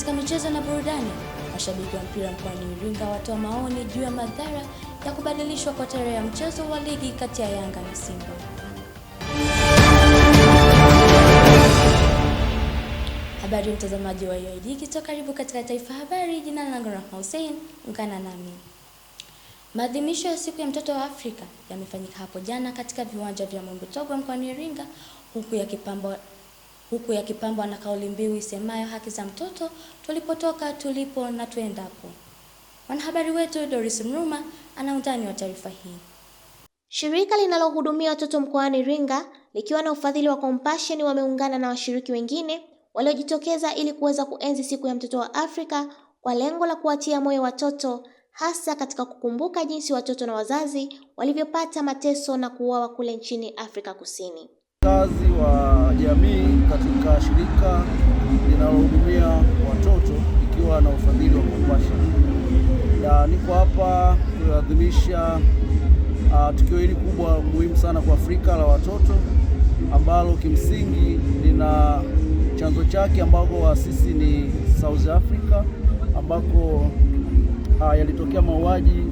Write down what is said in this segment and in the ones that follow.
Katika michezo na burudani, mashabiki wa mpira mkoani Iringa watoa maoni juu ya madhara ya kubadilishwa kwa tarehe ya mchezo wa ligi kati ya Yanga na Simba. Habari mtazamaji wa UoI Digital, karibu katika Taifa Habari. Jina langu Rahma Hussein, ungana nami. Maadhimisho ya siku ya mtoto wa Afrika yamefanyika hapo jana katika viwanja vya Mwembe Togwa mkoani Iringa huku yakipambwa huku yakipambwa na kauli mbiu isemayo haki za mtoto, tulipotoka, tulipo na tuendapo. Mwanahabari wetu Doris Mruma ana undani wa taarifa hii. Shirika linalohudumia watoto mkoani Iringa likiwa na ufadhili wa Compassion wameungana na washiriki wengine waliojitokeza ili kuweza kuenzi siku ya mtoto wa Afrika kwa lengo la kuwatia moyo watoto hasa katika kukumbuka jinsi watoto na wazazi walivyopata mateso na kuuawa kule nchini Afrika Kusini kazi wa jamii katika shirika linalohudumia watoto ikiwa na ufadhili wa Compassion. Ya niko hapa kuadhimisha uh, tukio hili kubwa muhimu sana kwa Afrika la watoto ambalo kimsingi lina chanzo chake ambako sisi ni South Africa ambako uh, yalitokea mauaji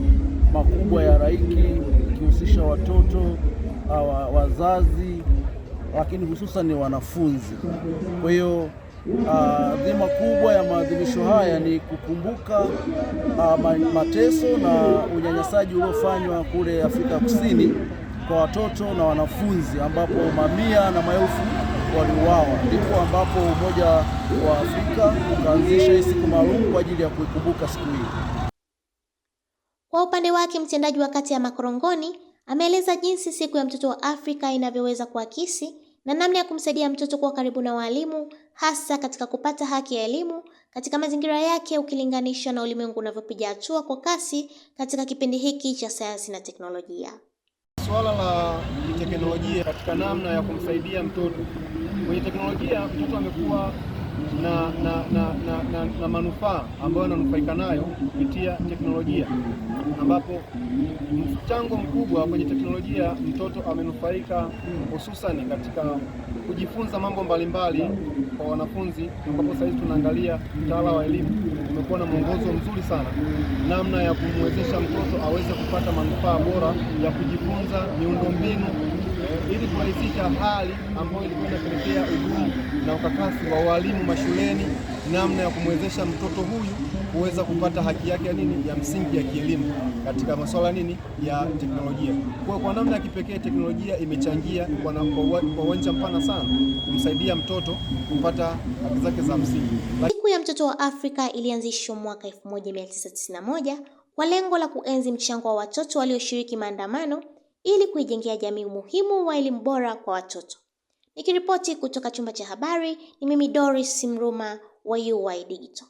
makubwa ya raiki ikihusisha watoto uh, wazazi lakini hususan ni wanafunzi. Kwa hiyo uh, dhima kubwa ya maadhimisho haya ni kukumbuka uh, mateso na unyanyasaji uliofanywa kule Afrika Kusini kwa watoto na wanafunzi, ambapo mamia na maelfu waliuawa. Ndipo ambapo Umoja wa Afrika ukaanzisha hii siku maalum kwa ajili ya kuikumbuka siku hii. Kwa upande wake mtendaji wa kata ya Makorongoni Ameeleza jinsi siku ya mtoto wa Afrika inavyoweza kuakisi na namna ya kumsaidia mtoto kuwa karibu na walimu hasa katika kupata haki ya elimu katika mazingira yake ukilinganisha na ulimwengu unavyopiga hatua kwa kasi katika kipindi hiki cha sayansi na teknolojia. Swala la teknolojia katika namna ya kumsaidia mtoto. Kwenye teknolojia mtoto amekuwa na, na, na, na, na, na manufaa ambayo yananufaika nayo kupitia teknolojia, ambapo mchango mkubwa kwenye teknolojia mtoto amenufaika hususani katika kujifunza mambo mbalimbali kwa wanafunzi, ambapo sasa hivi tunaangalia mtaala wa elimu umekuwa na mwongozo mzuri sana namna ya kumwezesha mtoto aweze kupata manufaa bora ya kujifunza miundombinu ili kurahisisha hali ambayo ilikuwa inapelekea ugumu na ukakasi wa walimu mashuleni, namna ya kumwezesha mtoto huyu kuweza kupata haki yake ya nini ya msingi ya kielimu katika masuala nini ya teknolojia. Kwa kwa namna ya kipekee teknolojia imechangia kwa uwanja mpana sana kumsaidia mtoto kupata haki zake za msingi. Siku ya mtoto wa Afrika ilianzishwa mwaka 1991 kwa lengo la kuenzi mchango wa watoto walioshiriki maandamano ili kuijengea jamii umuhimu wa elimu bora kwa watoto. Nikiripoti kutoka chumba cha habari ni mimi Doris mruma wa UoI Digital.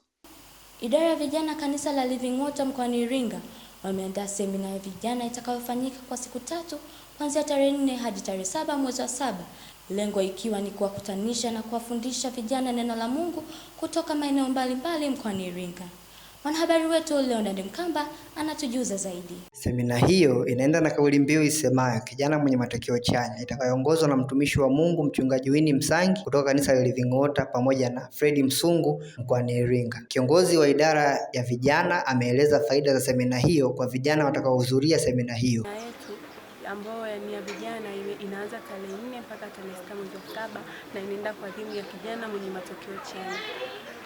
Idara ya vijana kanisa la Living Water mkoani Iringa wameandaa semina ya vijana itakayofanyika kwa siku tatu kuanzia tarehe nne hadi tarehe saba mwezi wa saba, lengo ikiwa ni kuwakutanisha na kuwafundisha vijana neno la Mungu kutoka maeneo mbalimbali mkoani Iringa. Mwanahabari wetu Leonard Mkamba anatujuza zaidi. Semina hiyo inaenda na kauli mbiu isemayo kijana mwenye matokeo chanya, itakayoongozwa na mtumishi wa Mungu Mchungaji Winnie Msangi kutoka kanisa la Living Water pamoja na Fredi Msungu mkoani Iringa. Kiongozi wa idara ya vijana ameeleza faida za semina hiyo kwa vijana watakaohudhuria semina hiyo ambayo ni ya vijana inaanza tarehe nne mpaka tarehe sita mwezi wa saba na inaenda kwa dhimu ya kijana mwenye matokeo chanya.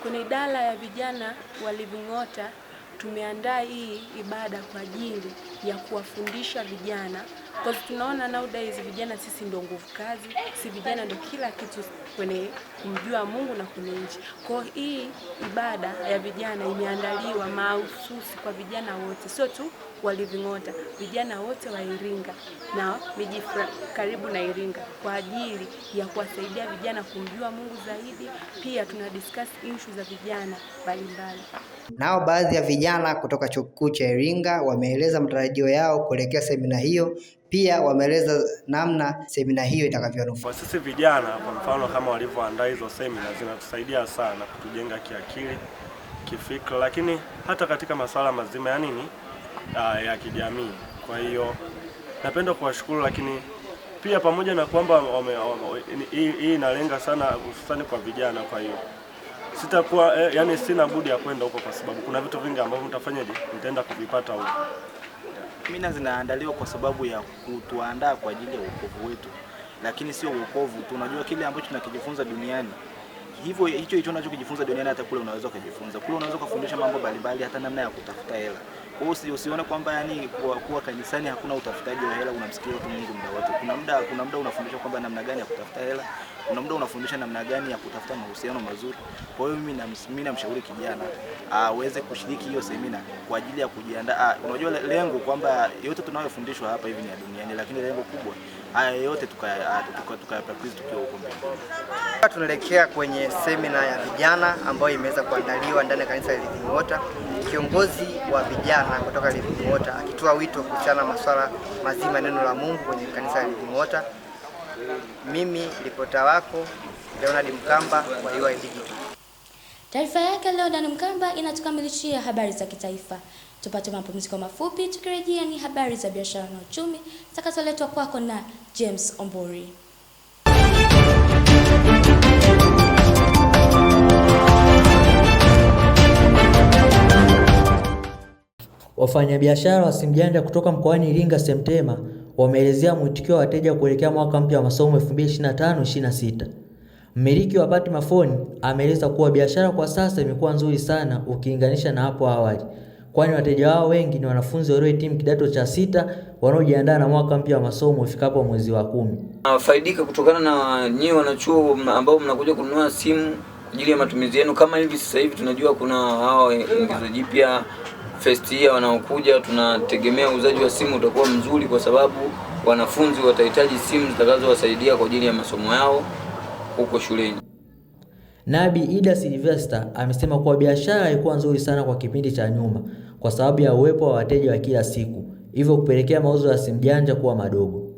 Kwenye idara ya vijana wa Living Water tumeandaa hii ibada kwa ajili ya kuwafundisha vijana sababu tunaona nowadays vijana sisi ndio nguvu kazi, si vijana ndio kila kitu kwenye kumjua Mungu na kwenye nchi. Kwa hii ibada ya vijana imeandaliwa mahususi kwa vijana wote, sio tu wa Living Water, vijana wote wa Iringa na miji karibu na Iringa kwa ajili ya kuwasaidia vijana kumjua Mungu zaidi. Pia tuna discuss issues za vijana mbalimbali. Nao baadhi ya vijana kutoka Chuo Kikuu cha Iringa wameeleza matarajio yao kuelekea semina hiyo pia wameeleza namna semina hiyo itakavyonufaisha. Kwa sisi vijana, kwa mfano kama walivyoandaa hizo semina, zinatusaidia sana kutujenga kiakili, kifikra, lakini hata katika masuala mazima ya nini ah, ya kijamii. Kwa hiyo napenda kuwashukuru, lakini pia pamoja na kwamba hii inalenga sana hususani kwa vijana, kwa hiyo sitakuwa eh, yani, sina budi ya kwenda huko kwa sababu kuna vitu vingi ambavyo mtafanyaje, nitaenda kuvipata huko mina zinaandaliwa kwa sababu ya kutuandaa kwa ajili ya wokovu wetu, lakini sio wokovu tu. Unajua kile ambacho tunakijifunza duniani hivyo hicho hicho unachokijifunza duniani hata kule unaweza ukajifunza. Kule unaweza ukafundisha mambo mbalimbali, hata namna ya kutafuta hela usi, usiona usione kwamba yani kuwa, kuwa kanisani hakuna utafutaji wa hela, unamsikia tu Mungu muda wote. Kuna muda kuna muda unafundishwa kwamba namna gani ya kutafuta hela, kuna muda unafundisha namna gani ya kutafuta mahusiano mazuri. Kwa hiyo mimi mimi namshauri kijana ah, aweze kushiriki hiyo semina kwa ajili ya kujiandaa. Ah, unajua lengo kwamba yote tunayofundishwa hapa hivi ni ya duniani, lakini lengo kubwa haya yote tukayapakizi ah, tukiwa huko mbinguni. Tunaelekea kwenye semina ya vijana ambayo imeweza kuandaliwa ndani ya kanisa la Living Water, kiongozi wa vijana kutoka Living Water akitoa wito kuhusiana na masuala mazima neno la Mungu kwenye kanisa la Living Water. Mimi ripota wako Leonard Mkamba wa UoI Digital. Taarifa yake Leonard Mkamba inatukamilishia habari za kitaifa. Tupate mapumziko mafupi, tukirejea ni habari za biashara na uchumi zitakazoletwa kwako na James Ombori. Wafanyabiashara wa Simjanja kutoka mkoani Iringa Semtema wameelezea mwitikio wa wateja kuelekea mwaka mpya wa masomo 2025-26. Mmiliki wa Patma Phone ameeleza kuwa biashara kwa sasa imekuwa nzuri sana ukilinganisha na hapo awali kwani wateja wao wengi ni wanafunzi waliohitimu kidato cha sita wanaojiandaa na mwaka mpya wa masomo ifikapo mwezi wa kumi. Nafaidika kutokana na nyinyi wanachuo ambao mnakuja kununua simu kwa ajili ya matumizi yenu. Kama hivi sasa hivi tunajua kuna hao ingizo jipya first year wanaokuja, tunategemea uuzaji wa simu utakuwa mzuri, kwa sababu wanafunzi watahitaji simu zitakazowasaidia kwa ajili ya masomo yao huko shuleni. Nabi Ida Silvester amesema kuwa biashara ilikuwa nzuri sana kwa kipindi cha nyuma kwa sababu ya uwepo wa wateja wa kila siku, hivyo kupelekea mauzo ya simu janja kuwa madogo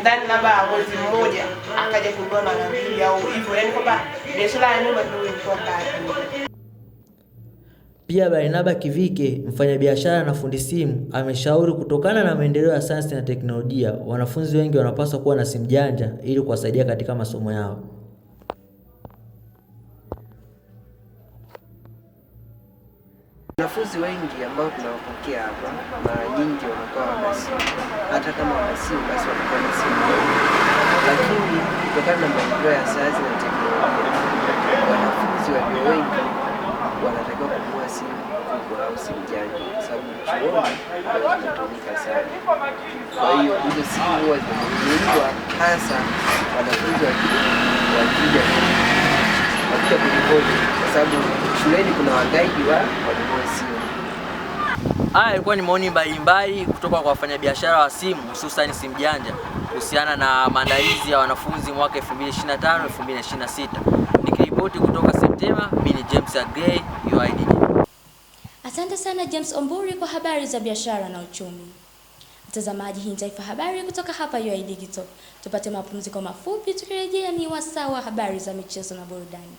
ndani labda mwezi mmoja akaja kununua mara mbili au hivyo, yani kwamba biashara ya nyumba ndio ilikuwa kazi. Pia Barnaba Kivike, mfanyabiashara na fundi simu, ameshauri kutokana na maendeleo ya sayansi na teknolojia, wanafunzi wengi wanapaswa kuwa na simu janja ili kuwasaidia katika masomo yao. Wanafunzi wengi ambao tunawapokea hapa mara nyingi wanakuwa wabasiu, hata kama wabasiu basi wanakuwa na simu, lakini kutokana na maendeleo ya sayansi na teknolojia, wanafunzi walio wengi wanatakiwa kununua simu kubwa au simu janja, kwa sababu chuoni zinatumika sana. Kwa hiyo hizo simu huwa zinanunuliwa hasa wanafunzi wakija wakija kwa sababu shuleni kuna wagaidi wa Haya ilikuwa ni maoni mbalimbali kutoka kwa wafanyabiashara wa simu hususan simu janja kuhusiana na maandalizi ya wanafunzi mwaka 2025 2026. Nikiripoti kutoka Septemba, mimi ni James Agrey, UoI Asante sana James Omburi kwa habari za biashara na uchumi. Mtazamaji, hii ni Taifa Habari kutoka hapa UoI Digital. Tupate mapumziko mafupi, tukirejea ni wasaa wa habari za michezo na burudani.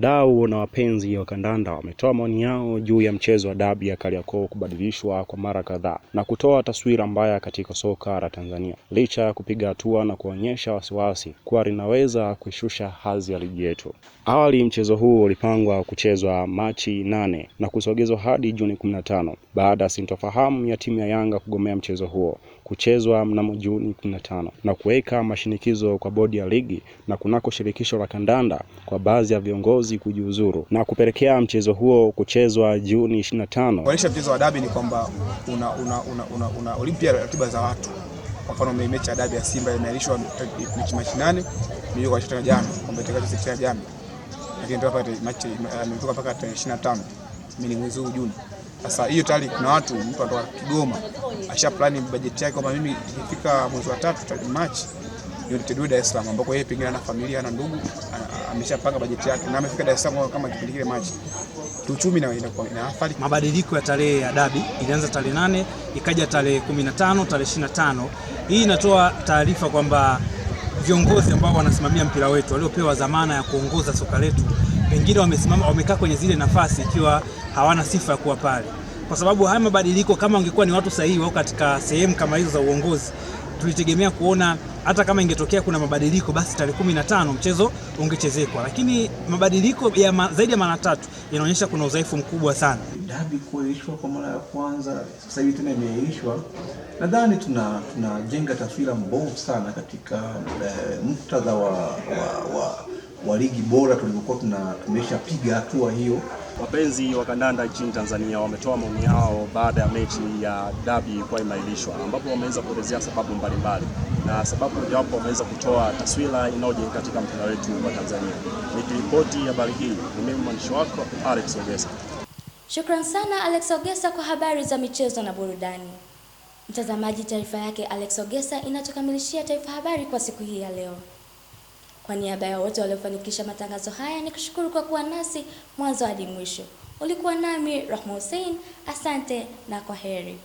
Wadau na wapenzi wa kandanda wametoa maoni yao juu ya mchezo wa dabi ya Kariakoo kubadilishwa kwa mara kadhaa na kutoa taswira mbaya katika soka la Tanzania, licha ya kupiga hatua na kuonyesha wasiwasi kuwa linaweza kuishusha hadhi ya ligi yetu. Awali mchezo huu ulipangwa kuchezwa Machi nane na kusogezwa hadi Juni kumi na tano baada ya sintofahamu ya timu ya Yanga kugomea mchezo huo kuchezwa mnamo Juni 15 na kuweka mashinikizo kwa bodi ya ligi na kunako shirikisho la kandanda kwa baadhi ya viongozi kujiuzuru na kupelekea mchezo huo kuchezwa Juni 25. Kuonyesha mchezo wa dabi ni kwamba una, una, una, una, una Olimpia ratiba za watu kwa mfano mechi ya dabi ya Simba imeahirishwa mechi Machi nane jana jana, lakini eh, mpaka tarehe 25 mwezi huu Juni. Sasa hiyo tayari kuna watu, mtu anatoka Kigoma asha plani bajeti yake kwamba mimi ikifika mwezi wa tatu Machi nitakuwa Dar es Salaam, ambako yeye pengine ana familia na ndugu, ameshapanga bajeti yake na amefika Dar es Salaam kama kipindi kile Machi. Kiuchumi na inakuwa ina athari. Mabadiliko ya tarehe ya dabi ilianza tarehe nane ikaja tarehe 15, tarehe 25. Hii inatoa taarifa kwamba viongozi ambao wanasimamia mpira wetu waliopewa dhamana ya kuongoza soka letu wengine wamesimama wamekaa kwenye zile nafasi ikiwa hawana sifa ya kuwa pale, kwa sababu haya mabadiliko, kama wangekuwa ni watu sahihi wao katika sehemu kama hizo za uongozi, tulitegemea kuona hata kama ingetokea kuna mabadiliko basi tarehe kumi na tano mchezo ungechezekwa, lakini mabadiliko ya ma, zaidi ya mara tatu yanaonyesha kuna udhaifu mkubwa sana. Dabi kuahirishwa kwa mara ya kwanza, sasa hivi tena imeahirishwa. Nadhani tunajenga tuna taswira mbovu sana katika e, muktadha wa, wa, wa wa ligi bora tulivyokuwa tuna tumeshapiga hatua hiyo. Wapenzi wa kandanda nchini Tanzania wametoa maoni yao baada ya mechi ya dabi kwa imailishwa, ambapo wameweza kuelezea sababu mbalimbali mbali. Na sababu mojawapo wameweza kutoa taswira inayojenga katika mpira wetu wa Tanzania. Nikiripoti habari hii ni mimi mwandishi wako Alex Ogesa. Shukran sana Alex Ogesa kwa habari za michezo na burudani. Mtazamaji, taarifa yake Alex Ogesa inatukamilishia taifa habari kwa siku hii ya leo. Kwa niaba ya wote waliofanikisha matangazo haya, nikushukuru kwa kuwa nasi mwanzo hadi mwisho. Ulikuwa nami Rahma Hussein, asante na kwa heri.